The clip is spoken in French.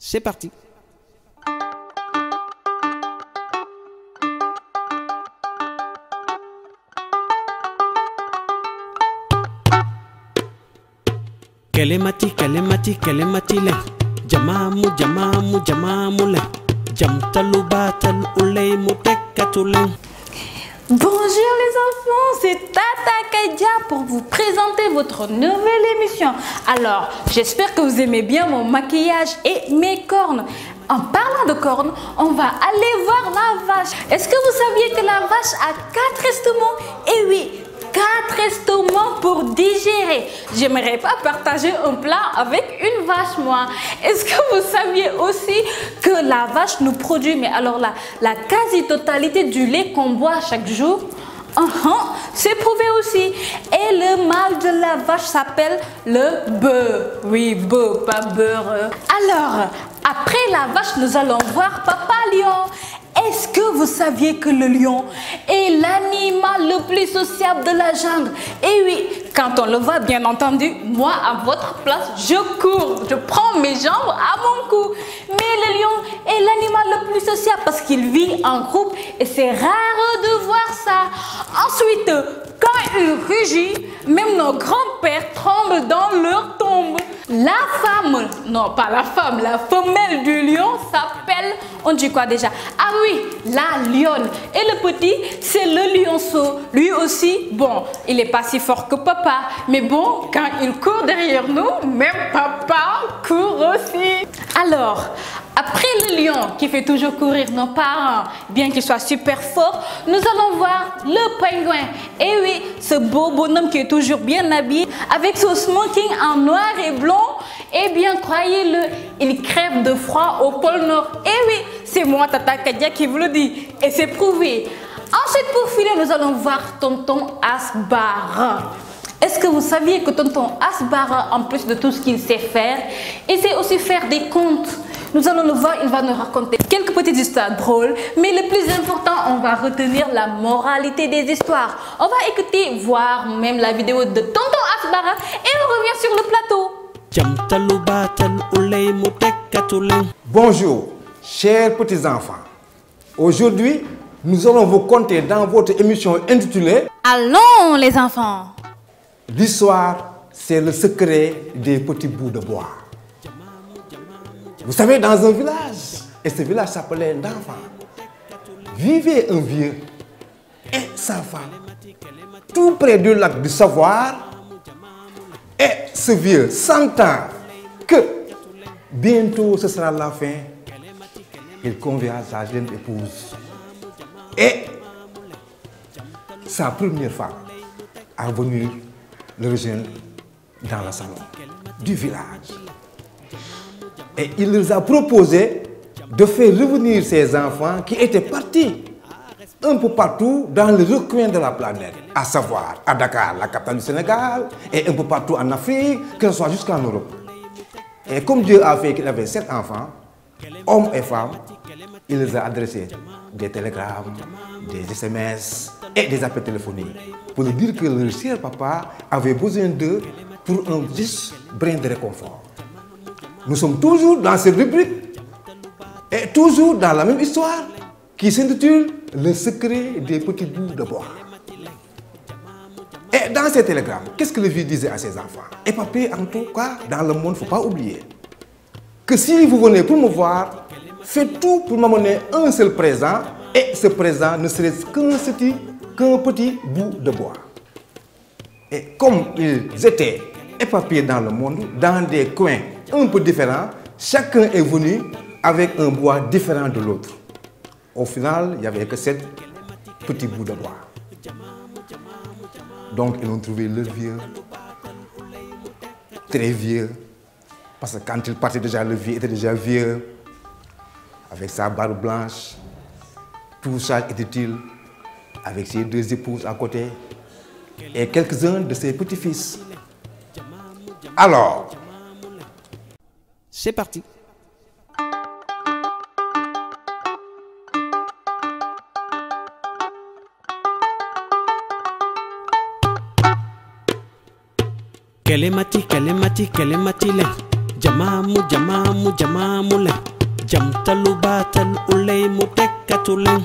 C'est parti quelle est mati le Jamamu, jamamu, jamamu le Jamtalu batal ulei tek le Bonjour les enfants, c'est Tata Kaidia pour vous présenter votre nouvelle émission. Alors, j'espère que vous aimez bien mon maquillage et mes cornes. En parlant de cornes, on va aller voir la vache. Est-ce que vous saviez que la vache a quatre estomacs Eh oui, quatre estomacs pour digérer. J'aimerais pas partager un plat avec une vache, moi. Est-ce que vous saviez aussi que la vache nous produit, mais alors là, la, quasi-totalité du lait qu'on boit chaque jour uh-huh. c'est prouvé aussi. Et le mâle de la vache s'appelle le beurre. Oui, bœuf, pas beurre. Alors, après la vache, nous allons voir Papa Lion. Est-ce que vous saviez que le lion est l'animal le plus sociable de la jungle Et eh oui, quand on le voit, bien entendu, moi, à votre place, je cours, je prends mes jambes à mon cou. Mais le lion est l'animal le plus social parce qu'il vit en groupe et c'est rare de voir ça. Ensuite, quand il rugit, même nos grands-pères tremblent dans leur tombe. La femme, non pas la femme, la femelle du lion s'appelle, on dit quoi déjà Ah oui, la lionne. Et le petit, c'est le lionceau. Lui aussi, bon, il n'est pas si fort que papa. Mais bon, quand il court derrière nous, même papa court aussi. Alors, après le lion qui fait toujours courir nos parents, bien qu'il soit super fort, nous allons voir le pingouin. Et oui, ce beau bonhomme qui est toujours bien habillé, avec son smoking en noir et blanc, eh bien, croyez-le, il crève de froid au pôle Nord. Eh oui, c'est moi, Tata Kadia, qui vous le dit. Et c'est prouvé. Ensuite, pour filer, nous allons voir Tonton Asbar. Est-ce que vous saviez que Tonton Asbar, en plus de tout ce qu'il sait faire, il sait aussi faire des comptes. Nous allons le voir, il va nous raconter quelques petites histoires drôles, mais le plus important, on va retenir la moralité des histoires. On va écouter, voir même la vidéo de Tonton Asbara et on revient sur le plateau. Bonjour, chers petits-enfants. Aujourd'hui, nous allons vous conter dans votre émission intitulée Allons les enfants L'histoire, c'est le secret des petits bouts de bois. Vous savez, dans un village, et ce village s'appelait D'Enfant... vivait un vieux et sa femme, tout près du lac du savoir. Et ce vieux s'entend que bientôt ce sera la fin. Il à sa jeune épouse et sa première femme à venir le rejoindre dans la salle... du village. Et il les a proposé de faire revenir ces enfants qui étaient partis un peu partout dans le recoin de la planète, à savoir à Dakar, la capitale du Sénégal, et un peu partout en Afrique, que ce soit jusqu'en Europe. Et comme Dieu a fait qu'il avait sept enfants, hommes et femmes, il les a adressés des télégrammes, des SMS et des appels téléphoniques pour lui dire que leur cher papa avait besoin d'eux pour un juste brin de réconfort. Nous sommes toujours dans cette rubrique et toujours dans la même histoire qui s'intitule Le secret des petits bouts de bois. Et dans ces télégrammes, qu'est-ce que le vieux disait à ses enfants Et en tout cas, dans le monde, il ne faut pas oublier que si vous venez pour me voir, faites tout pour m'amener un seul présent et ce présent ne serait qu'un petit, qu'un petit bout de bois. Et comme ils étaient éparpillés dans le monde, dans des coins un peu différent.. Chacun est venu avec un bois différent de l'autre. Au final, il n'y avait que sept petits bouts de bois. Donc, ils ont trouvé le vieux, très vieux, parce que quand il partait déjà, le vieux était déjà vieux, avec sa barbe blanche. Tout ça était-il avec ses deux épouses à côté et quelques-uns de ses petits-fils. Alors, c'est parti. kalimati kalimati le, jamamu jamamu jamamule jamtalu batal ulay mutekkatule